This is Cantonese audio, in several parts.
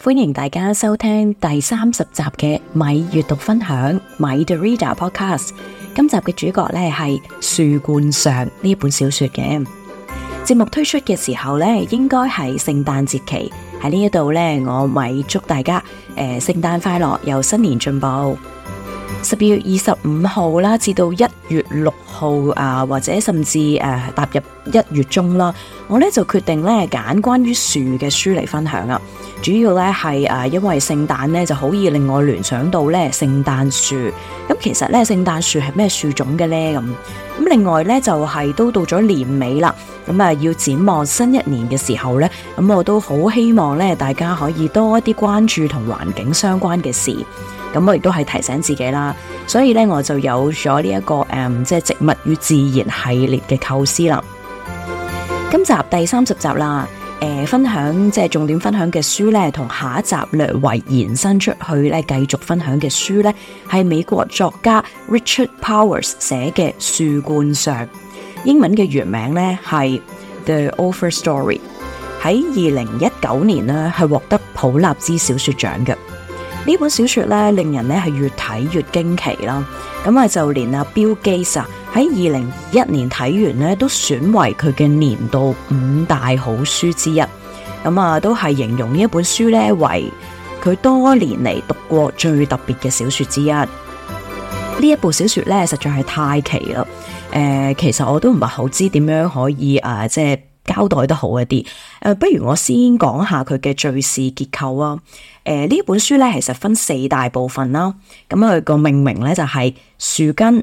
歡迎大家收聽第三十集嘅米閱讀分享米 Mic the Reader Podcast。今集嘅主角咧，係樹冠上呢本小說嘅節目推出嘅時候咧，應該係聖誕節期喺呢一度咧，我咪祝大家誒、呃、聖誕快樂，又新年進步。十二月二十五號啦，至到一月六號啊，或者甚至誒、啊、踏入一月中啦，我咧就決定咧揀關於樹嘅書嚟分享啊。主要咧係誒，因為聖誕咧就好易令我聯想到咧聖誕樹。咁、啊、其實咧聖誕樹係咩樹種嘅咧咁。咁、啊、另外咧就係、是、都到咗年尾啦，咁啊要展望新一年嘅時候咧，咁、啊、我都好希望咧大家可以多一啲關注同環境相關嘅事。咁我亦都係提醒自己啦，所以咧我就有咗呢一個誒、嗯，即係植物與自然系列嘅構思啦。今集第三十集啦，誒、呃，分享即係重點分享嘅書咧，同下一集略為延伸出去咧，繼續分享嘅書咧，係美國作家 Richard Powers 寫嘅《樹冠上》，英文嘅原名咧係 The Overstory，喺二零一九年呢，係獲得普立茲小說獎嘅。呢本小說咧，令人咧係越睇越驚奇啦。咁啊，就連阿 Bill Gates 啊，喺二零一一年睇完咧，都選為佢嘅年度五大好書之一。咁啊，都係形容呢一本書咧為佢多年嚟讀過最特別嘅小說之一。呢一部小說咧，實在係太奇啦。誒、呃，其實我都唔係好知點樣可以誒、啊，即係。交代得好一啲，誒，不如我先講下佢嘅敘事結構啊。誒、呃，呢本書咧，其實分四大部分啦。咁佢個命名咧就係樹根，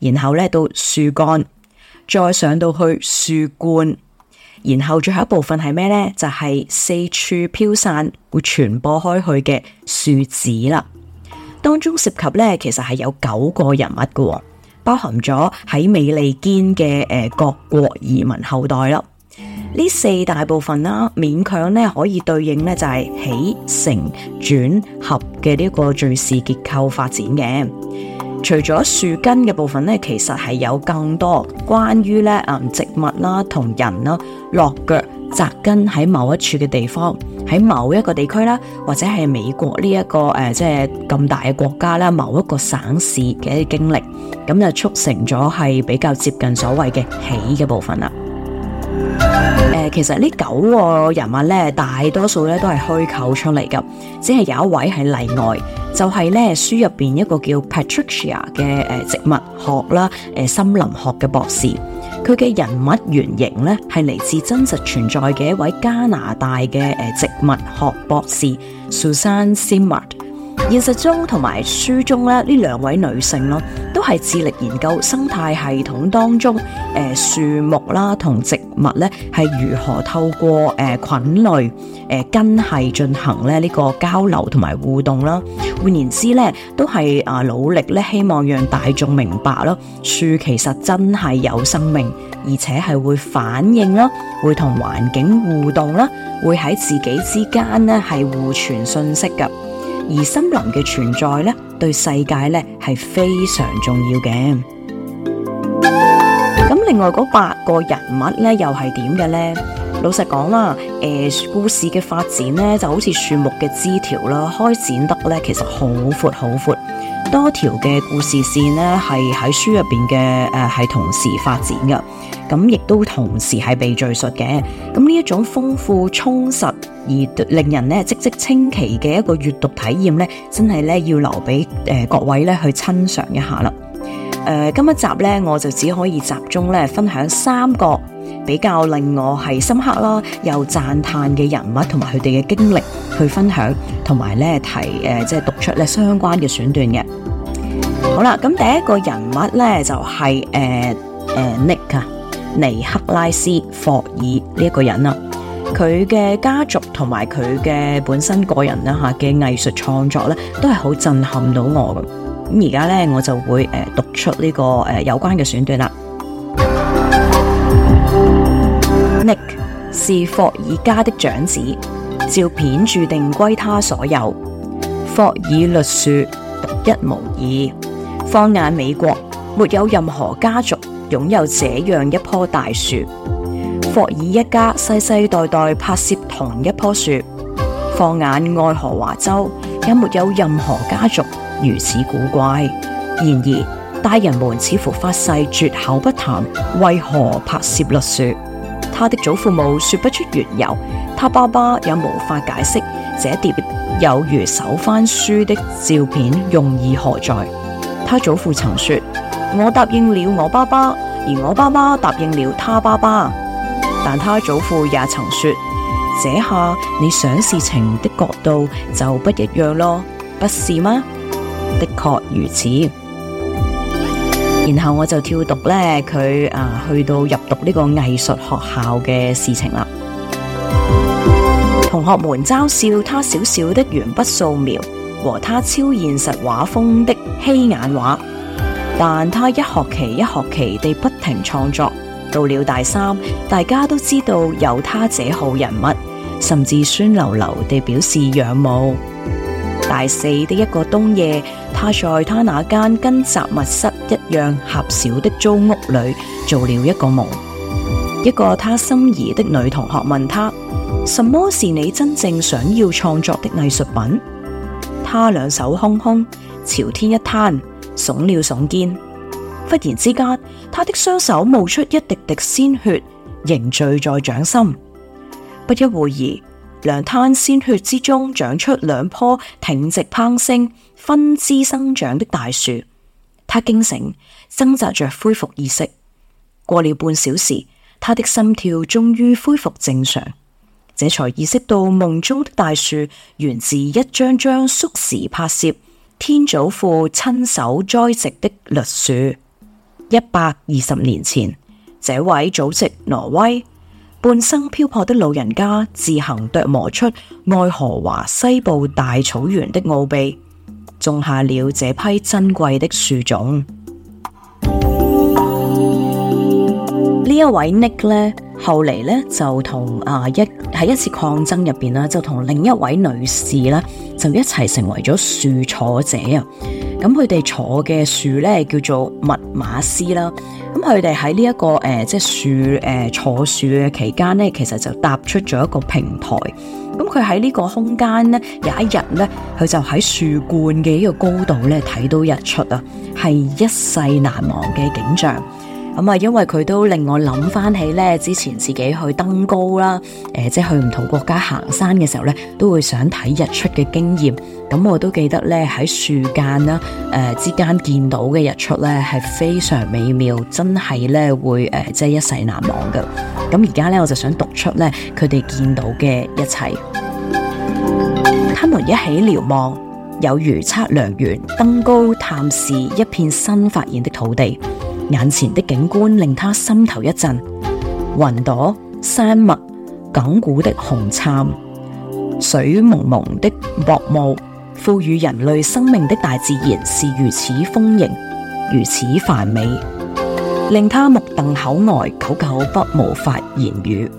然後咧到樹幹，再上到去樹冠，然後最後一部分係咩咧？就係、是、四處飄散，會傳播開去嘅樹籽啦。當中涉及咧，其實係有九個人物嘅，包含咗喺美利堅嘅誒各國移民後代啦。呢四大部分啦，勉強可以對應咧就是起、承、轉、合嘅呢個敘事結構發展嘅除咗樹根嘅部分其實係有更多關於植物啦同人落腳紮根喺某一處嘅地方，喺某一個地區啦，或者是美國呢、這、一個即係咁、呃就是、大嘅國家啦，某一個省市嘅經歷，就促成咗比較接近所謂嘅起嘅部分啦誒，其實呢九個人物咧，大多數咧都係虛構出嚟噶，只係有一位係例外，就係、是、咧書入邊一個叫 Patricia 嘅誒植物學啦，誒森林學嘅博士，佢嘅人物原型咧係嚟自真實存在嘅一位加拿大嘅誒植物學博士 Suzanne Simard。現實中同埋書中咧，呢兩位女性囉，都係致力研究生態系統當中樹木啦同植物呢，係如何透過誒菌類誒根系進行呢個交流同埋互動啦。換言之咧，都係努力希望讓大眾明白囉，樹其實真係有生命，而且係會反應會同環境互動會喺自己之間咧係互傳信息嘅。而森林嘅存在咧，對世界咧係非常重要嘅。咁另外嗰八個人物咧，又係點嘅咧？老實講啦，誒、呃，故事嘅發展咧，就好似樹木嘅枝條啦，開展得咧，其實好闊，闊，好闊。多條嘅故事線咧，係喺書入邊嘅誒，呃、係同時發展嘅，咁亦都同時係被敘述嘅。咁呢種豐富充實而令人咧嘖嘖稱清奇嘅一個閱讀體驗呢，真係要留畀、呃、各位呢去親嘗一下啦。誒、呃，今日集呢，我就只可以集中呢分享三個。比較令我係深刻啦，又讚嘆嘅人物同埋佢哋嘅經歷去分享，同埋咧提誒、呃，即係讀出咧相關嘅選段嘅。好啦，咁第一個人物咧就係誒誒 Nick 啊，呃呃、Nick, 尼克拉斯霍爾呢一個人啦，佢嘅家族同埋佢嘅本身個人啦吓嘅藝術創作咧，都係好震撼到我咁。咁而家咧我就會誒、呃、讀出呢、這個誒、呃、有關嘅選段啦。尼克是霍爾家的長子，照片注定歸他所有。霍爾栗樹獨一無二，放眼美國，沒有任何家族擁有這樣一棵大樹。霍爾一家世世代代拍攝同一棵樹，放眼愛荷華州，也沒有任何家族如此古怪。然而，大人們似乎發誓絕口不談為何拍攝栗樹。他的祖父母說不出緣由，他爸爸也無法解釋。這疊有如手翻書的照片，用意何在？他祖父曾說：我答應了我爸爸，而我爸爸答應了他爸爸。但他祖父也曾說：這下你想事情的角度就不一樣咯，不是嗎？的確如此。然後我就跳讀呢，佢啊去到入讀呢個藝術學校嘅事情啦。同學們嘲笑他小小的鉛筆素描和他超現實畫風的稀眼畫，但他一學期一學期地不停創作。到了大三，大家都知道有他這號人物，甚至酸溜溜地表示仰慕。大四的一個冬夜，他在他那間跟雜物室一樣狹小的租屋裏做了一個夢。一個他心儀的女同學問他：什麼是你真正想要創作的藝術品？他兩手空空，朝天一攤，聳了聳肩。忽然之間，他的雙手冒出一滴滴鮮血，凝聚在掌心。不一會兒，兩灘鮮血之中長出兩棵挺直攀升、分枝生長的大樹，他驚醒，掙扎着恢復意識。過了半小時，他的心跳終於恢復正常，這才意識到夢中的大樹源自一張張縮時拍攝天祖父親手栽植的栗樹。一百二十年前，這位祖籍挪威，半生漂泊的老人家，自行琢磨出愛荷華西部大草原的奧秘，種下了這批珍貴的樹種。呢 一位 Nick 呢？後來咧，就同啊一喺一次抗爭入邊啦，就同另一位女士呢，就一齊成為咗樹坐者啊！咁佢哋坐嘅樹咧叫做密碼師啦。咁佢哋喺呢一個誒、呃、即係樹誒、呃、坐樹嘅期間咧，其實就搭出咗一個平台。咁佢喺呢個空間咧有一日咧，佢就喺樹冠嘅一個高度咧睇到日出啊，係一世難忘嘅景象。因為佢都令我諗翻起咧，之前自己去登高啦，誒、呃，即係去唔同國家行山嘅時候咧，都會想睇日出嘅經驗。咁我都記得咧，喺樹間啦，誒、呃、之間見到嘅日出咧，係非常美妙，真係咧會誒，即、呃、係一世難忘噶。咁而家咧，我就想讀出咧，佢哋見到嘅一切。他們一起瞭望，有如測量員登高探視一片新發現的土地。眼前的景觀令他心頭一震，雲朵、山脈、亙古的紅杉、水濛濛的薄霧，賦予人類生命的大自然是如此豐盈、如此繁美，令他目瞪口呆，久久不無法言語。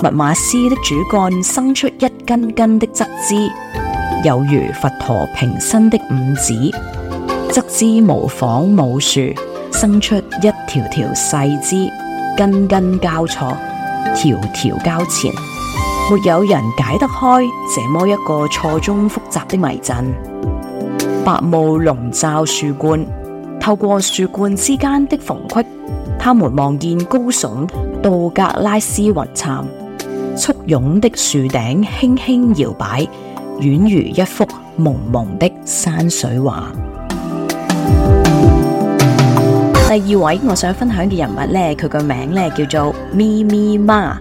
米瑪斯的主幹生出一根根的側枝，有如佛陀平伸的五指，側枝模仿武數。生出一條條細枝，根根交錯，條條交纏，沒有人解得開這麼一個錯綜複雜的迷陣。白霧籠罩樹冠，透過樹冠之間的縫隙，他們望見高聳道格拉斯雲杉，簇擁的樹頂輕輕搖擺，宛如一幅蒙蒙的山水畫。第二位我想分享嘅人物呢，佢個名呢叫做咪咪媽，誒、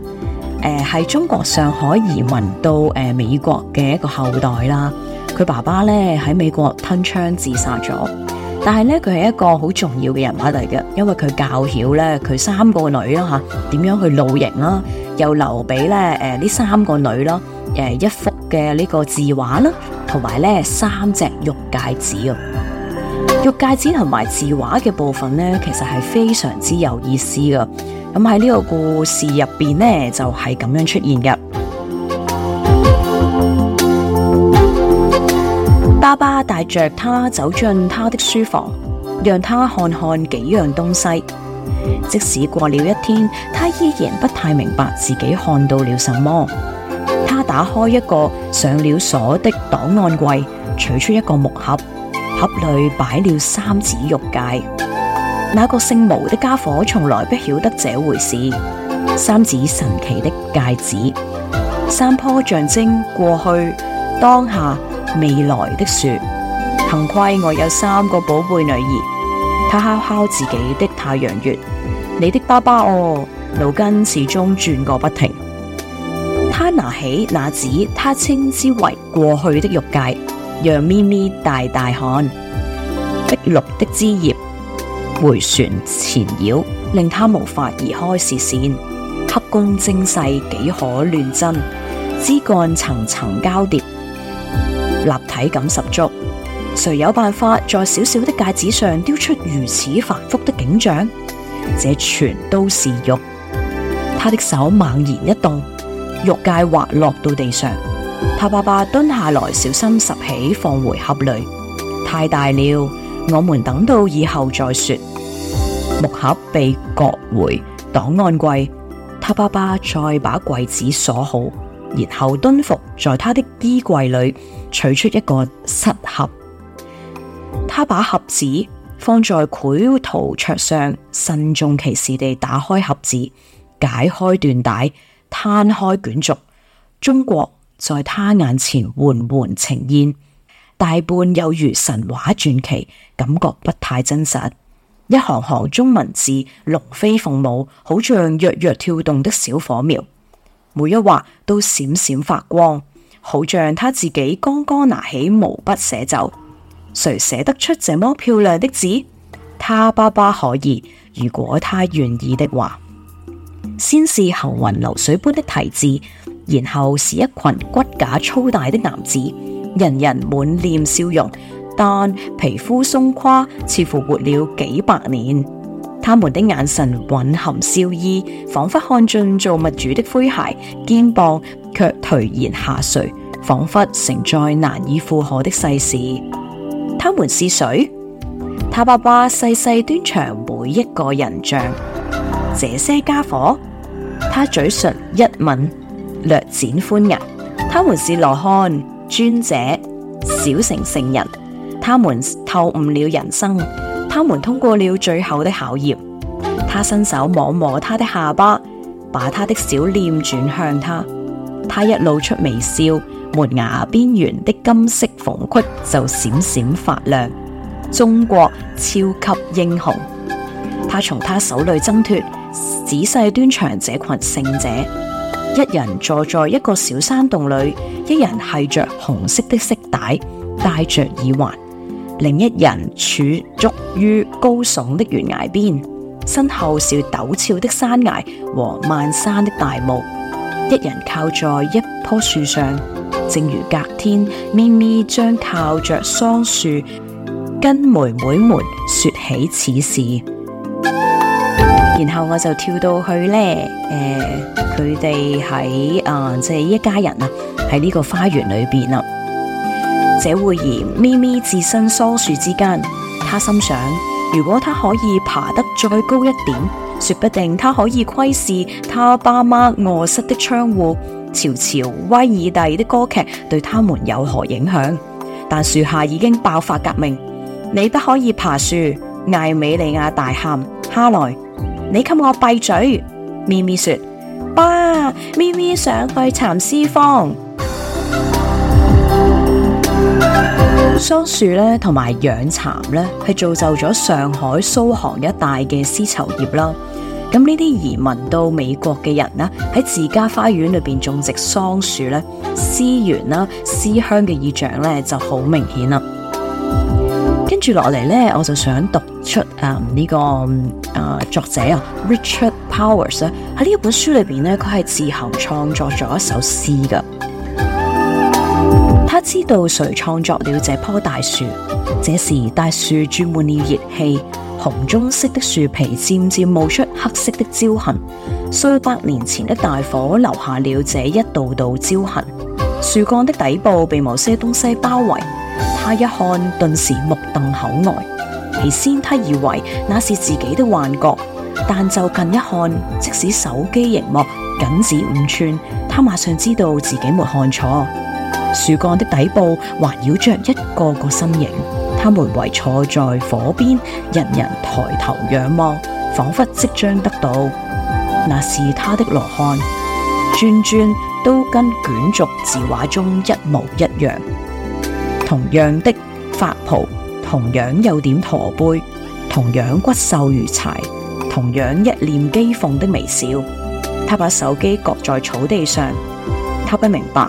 呃、係，中國上海移民到、呃、美國嘅一個後代啦。佢爸爸呢喺美國吞槍自殺咗，但係呢佢係一個好重要嘅人物嚟嘅，因為佢教曉呢佢三個女啦吓、啊，點樣去露營啦、啊，又留畀呢、呃、呢三個女咯、啊呃，一幅嘅、啊、呢個字畫和同埋三隻玉戒指、啊玉戒指同埋字畫嘅部分呢，其實係非常之有意思㗎。咁喺呢個故事入邊呢，就係、是、咁樣出現嘅。爸爸帶着他走進他的書房，讓他看看幾樣東西。即使過了一天，他依然不太明白自己看到了什麼。他打開一個上了鎖的檔案櫃，取出一個木盒。盒裡擺了三指玉戒，那個姓毛的家伙從來不曉得這回事。三指神奇的戒指，三棵象徵過去、當下、未來的樹。幸虧我有三個寶貝女兒，他敲敲自己的太陽穴。你的爸爸哦、啊，腦筋始終轉個不停。他拿起那指，他稱之為過去的玉戒。讓咪咪大大看碧綠的枝葉回旋纏繞，令他無法移開視線。刻工精細，幾可亂真，枝幹層層交疊，立體感十足。誰有辦法在小小的戒指上雕出如此繁複的景象？這全都是玉。他的手猛然一動，玉戒滑落，落到地上。他爸爸蹲下來，小心拾起放回盒裏。太大了，我們等到以後再說。木盒被擱回檔案櫃，他爸爸再把櫃子鎖好，然後蹲伏在他的衣櫃裏，取出一個失盒。他把盒子放在繪圖桌上，慎重其事地打開盒子，解開緞帶，攤開卷軸，中國，在他眼前緩緩呈現，大半有如神話傳奇，感覺不太真實。一行行中文字龍飛鳳舞，好像躍躍跳動的小火苗，每一畫都閃閃發光，好像他自己剛剛拿起毛筆寫就。誰寫得出這麼漂亮的字？他爸爸可以，如果他願意的話。先是行雲流水般的提字。然後是一群骨架粗大的男子，人人滿臉笑容，但皮膚鬆垮，似乎活了幾百年。他們的眼神蘊含笑意，仿佛看盡造物主的詼諧，肩膀却頹然下垂，仿佛承載難以負荷的世事。他們是誰？他爸爸細細端詳每一個人像，這些家伙？他嘴唇一抿。略展歡顏，他們是羅漢、尊者、小城聖人，他們透悟了人生，他們通過了最後的考驗。他伸手摸摸他的下巴，把他的小臉轉向他，他一露出微笑，門牙邊緣的金色縫隙就閃閃發亮。中國超級英雄，他從他手裏掙脫，仔細端詳這群聖者。一人坐在一個小山洞裏，一人繫着紅色的色帶，戴着耳環；另一人佇立於高聳的懸崖邊，身後是陡峭的山崖和漫山的大霧；一人靠在一棵樹上，正如隔天咪咪將靠着桑樹跟妹妹們說起此事。然後我就跳到去呢，誒、呃，佢哋喺啊，即、呃、係、就是、一家人啊，喺呢個花園裏邊啦。這會兒咪咪置身疏樹之間，他心想：如果他可以爬得再高一點，說不定他可以窺視他爸媽臥室的窗戶，瞧瞧威爾第的歌劇對他們有何影響。但樹下已經爆發革命，你不可以爬樹。艾美利亞大喊：哈來！你給我閉嘴！咪咪說，爸，咪咪想去蠶絲坊。桑樹咧，同埋養蠶咧，係造就咗上海蘇杭一帶嘅絲綢業啦。咁呢啲移民到美國嘅人啦，喺自家花園裏邊種植桑樹咧，思源啦，思鄉嘅意象咧，就好明顯啦。跟住落嚟咧，我就想讀出誒呢、嗯這個誒、嗯、作者啊，Richard Powers 喺呢一本書裏邊咧，佢係自行創作咗一首詩噶。他知道誰創作了這棵大樹。這時，大樹注滿了熱，熱氣，紅棕色的樹皮漸漸冒出黑色的焦痕。數百年前的大火留下了這一道道焦痕。樹幹的底部被某些東西包圍。他一看，頓時目瞪口呆。起先他以為那是自己的幻覺，但就近一看，即使手機熒幕僅止五寸，他馬上知道自己沒看錯。樹幹的底部環繞着一個個身影，他們圍坐在火邊，人人抬頭仰望，仿佛即將得到。那是他的羅漢，轉轉都跟卷軸字畫中一模一樣。同樣的發袍，同樣有點駝背，同樣骨瘦如柴，同樣一臉譏諷的微笑。他把手機擱在草地上，他不明白。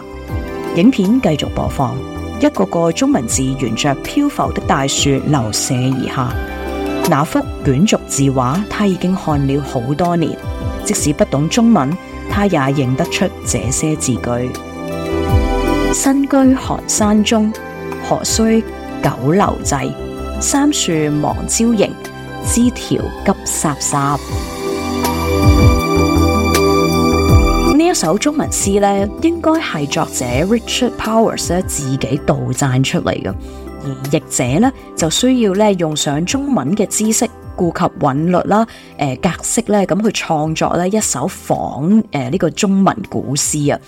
影片繼續播放，一個個中文字沿着漂浮的大樹流瀉而下。那幅卷軸字畫，他已經看了好多年，即使不懂中文，他也認得出這些字句。身居寒山中。何須九流滯？三樹忙招迎，枝條急颯颯。呢一首中文詩咧，應該係作者 Richard Powers 咧，自己杜撰出嚟嘅，而譯者咧就需要咧用上中文嘅知識，顧及韻律啦、誒、呃、格式咧，咁去創作咧一首仿誒呢、呃這個中文古詩啊。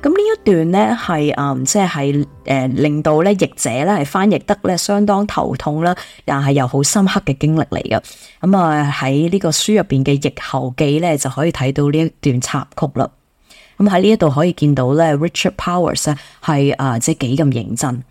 咁呢一段咧，係、嗯、即係誒，令到咧譯者咧係翻譯得咧相當頭痛啦，但係又好深刻嘅經歷嚟㗎。咁、嗯、啊，喺呢個書入邊嘅譯後記咧，就可以睇到呢一段插曲啦。咁喺呢一度可以見到咧，Richard Powers 咧係啊，即係幾咁認真。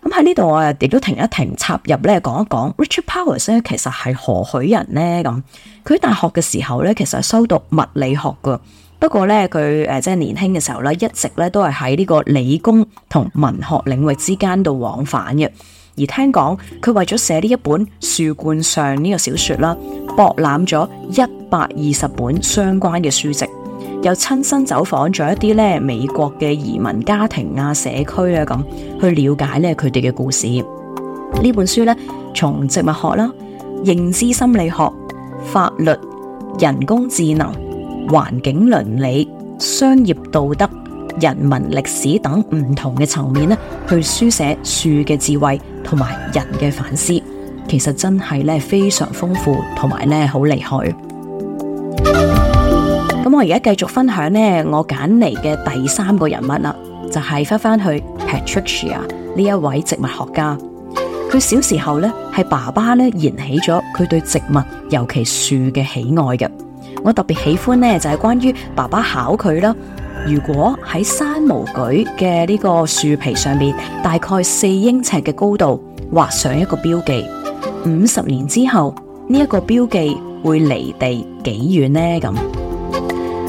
咁喺呢度我亦都停一停，插入咧講一講 Richard Powers 咧，其實係何許人呢？咁、嗯，佢大學嘅時候咧，其實係修讀物理學噶。不過呢，佢即係年輕嘅時候呢，一直咧都係喺呢個理工同文學領域之間度往返嘅。而聽講，佢為咗寫呢一本樹冠上呢個小說啦，博覽咗一百二十本相關嘅書籍，又親身走訪咗一啲呢美國嘅移民家庭啊、社區啊咁，去了解呢佢哋嘅故事。呢本書呢，從植物學啦、認知心理學、法律、人工智能，環境倫理、商業道德、人文歷史等唔同嘅層面去書寫樹嘅智慧同埋人嘅反思，其實真係非常豐富，同埋好厲害。 我而家繼續分享我揀嚟嘅第三個人物就係翻翻去 Patricia 呢一位植物學家。佢小時候咧係爸爸咧燃起咗佢對植物尤其樹嘅喜愛嘅。我特別喜歡咧，就係關於爸爸考佢啦。如果喺山毛櫸嘅呢個樹皮上邊，大概四英尺嘅高度畫上一個標記，五十年之後呢個標記會離地幾遠呢？咁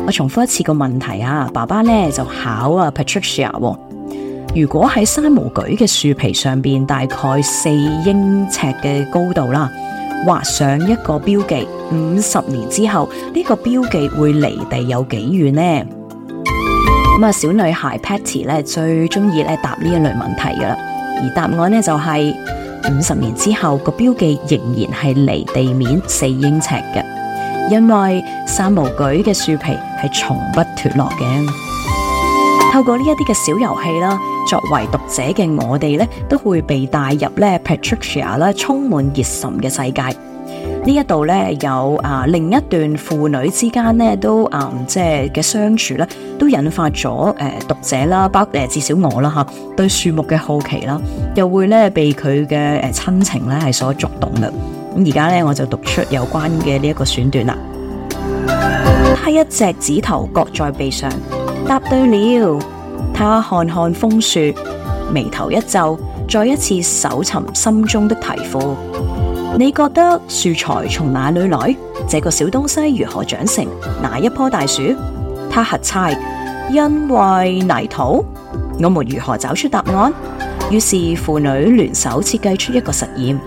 我重複一次個問題啊，爸爸咧就考啊 Patricia，如果喺山毛櫸嘅樹皮上邊，大概四英尺嘅高度啦。畫上一個標記，五十年之後呢、呢個標記會離地有幾遠呢？咁啊，小女孩 Patty 咧最中意咧答呢一類問題噶啦，而答案咧就係五十年之後，那個標記仍然係離地面四英尺嘅，因為三毛櫸嘅樹皮係從不脱落嘅。透過呢一啲嘅小遊戲啦，作為讀者嘅我哋咧，都會被帶入咧 Patricia 啦充滿熱忱嘅世界。呢一度咧有啊另一段父女之間咧都啊即係嘅相處咧，都引發咗誒讀者啦，包誒至少我啦吓對樹木嘅好奇啦，又會咧被佢嘅誒親情咧係所觸動嘅。咁而家咧我就讀出有關嘅呢一個選段啦。他一隻指頭擱在臂上。答對了，他看看楓樹，眉頭一皺，再一次搜尋心中的題庫。你覺得樹材從哪裏來？這個小東西如何長成那一棵大樹？他核猜，因為泥土。我們如何找出答案？於是父女聯手設計出一個實驗。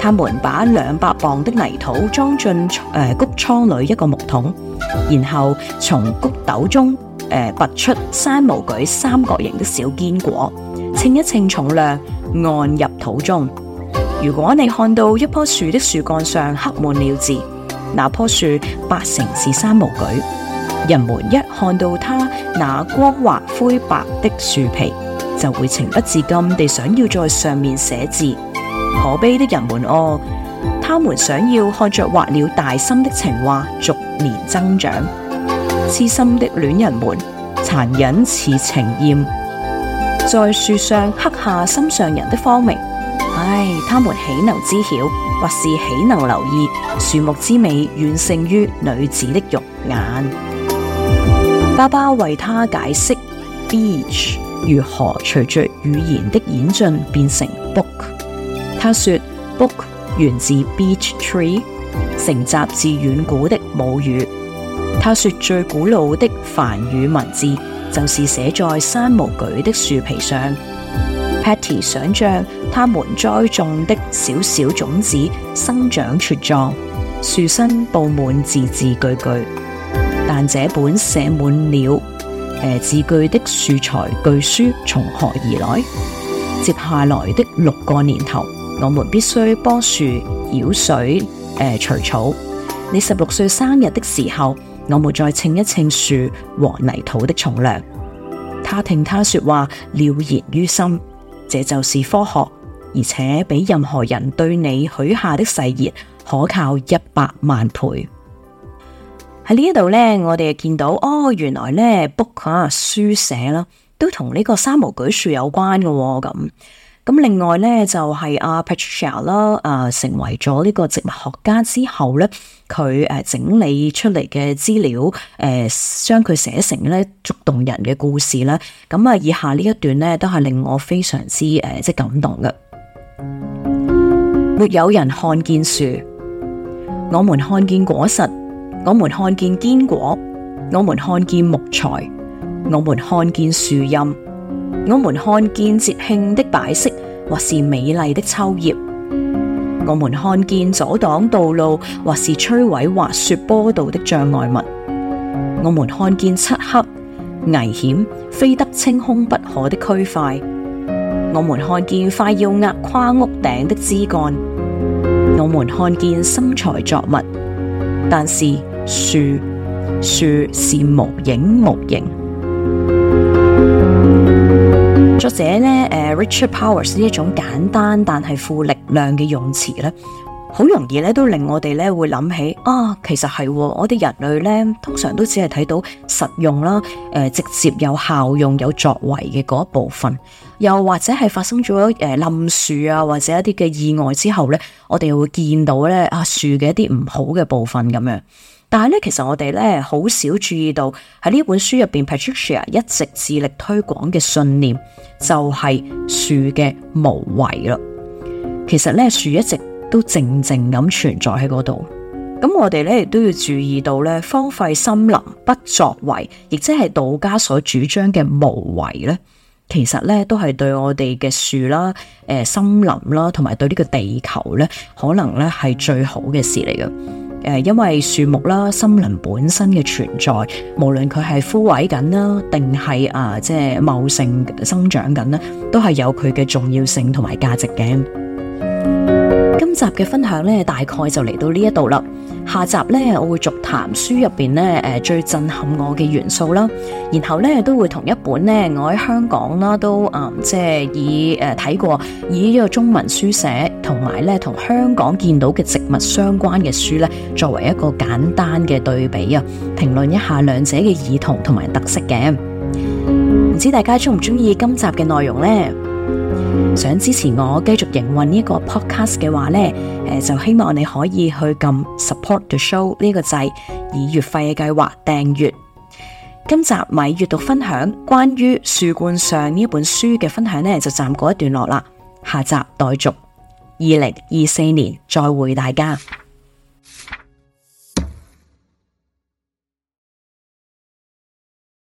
他們把兩百磅的泥土裝進穀、呃、倉裏一個木桶，然後從穀斗中。呃，拔出山毛櫸三角形的小堅果，稱一稱重量，按入土中。如果你看到一棵樹的樹幹上刻滿了字，那棵樹八成是山毛櫸。人們一看到它那光滑灰白的樹皮，就會情不自禁地想要在上面寫字。可悲的人們哦，他們想要看着畫了大心的情話逐年增長。痴心的戀人們，殘忍似情艷，在樹上刻下心上人的芳名。唉，他們豈能知曉，或是豈能留意？樹木之美遠勝於女子的肉眼。爸爸為他解釋 beach 如何隨着語言的演進變成 book。他說 book 源自 beach tree，承襲自遠古的母語。他說最古老的梵語文字就是寫在山毛櫸的樹皮上。Patty 想象他們栽種的小小種子生長茁壯，樹身布滿字字句句。但這本寫滿了、呃、字句的樹材巨書從何而來？接下來的六個年頭，我們必須幫樹澆水、呃、除草。你十六歲生日的時候。我們再稱一稱樹和泥土的重量，他聽他說話了然於心，這就是科學，而且比任何人對你許下的誓言可靠一百萬倍。喺呢一度呢，我哋見到哦，原來呢 book 吓書寫啦，都同呢個山毛櫸樹有關㗎咁、哦。咁另外呢，就是阿 Patricia 啦，啊成為咗呢個植物學家之後呢，佢誒整理出嚟嘅資料，誒將佢寫成咧觸動人嘅故事啦。咁啊，以下呢一段咧都係令我非常之誒即係感動嘅。沒有人看見樹，我們看見果實，我們看見堅果，我們看見木材，我們看見樹蔭。我們看見節慶的擺飾，或是美麗的秋葉；我們看見阻擋道路，或是摧毀滑雪坡道的障礙物；我們看見漆黑、危險、非得清空不可的區塊；我們看見快要壓垮屋頂的枝幹；我們看見新材作物，但是樹樹是無影無形。作者呢誒，Richard Powers 呢一種簡單但係富力量嘅用詞咧，好容易咧都令我哋咧會諗起，啊，其實係我哋人類咧通常都只係睇到實用啦，誒、呃，直接有效用、有作為嘅嗰一部分，又或者係發生咗誒冧樹啊，或者一啲嘅意外之後咧，我哋會見到咧啊樹嘅一啲唔好嘅部分咁樣。但係咧，其實我哋咧好少注意到喺呢本書入邊，Patricia 一直致力推廣嘅信念就係樹嘅無為啦。其實咧，樹一直都靜靜咁存在喺嗰度。咁我哋咧亦都要注意到咧，荒廢森林不作為，亦即係道家所主張嘅無為咧，其實咧都係對我哋嘅樹啦、誒、呃、森林啦，同埋對呢個地球咧，可能咧係最好嘅事嚟嘅。誒，因為樹木啦，森林本身嘅存在，無論佢係枯萎緊啦，定係啊，即係茂盛生長緊咧，都係有佢嘅重要性同埋價值嘅。今集嘅分享呢，大概就嚟到呢一度啦。下集我會續談書入面最震撼我嘅元素啦。然後都會同一本我喺香港都啊，呃，即係以睇，呃、過以呢中文書寫同埋同香港見到嘅植物相關嘅書呢，作為一個簡單嘅對比啊，評論一下兩者嘅異同同埋特色嘅。唔知大家鍾唔鍾意今集嘅內容呢？想支持我繼續營運呢一個 podcast 嘅話呢，誒就希望你可以去撳 support the show 呢個掣，以月費嘅計劃訂閱。今集米閱讀分享關於樹冠上呢一本書嘅分享呢，就暫告一段落啦。下集待續。二零二四年再會大家。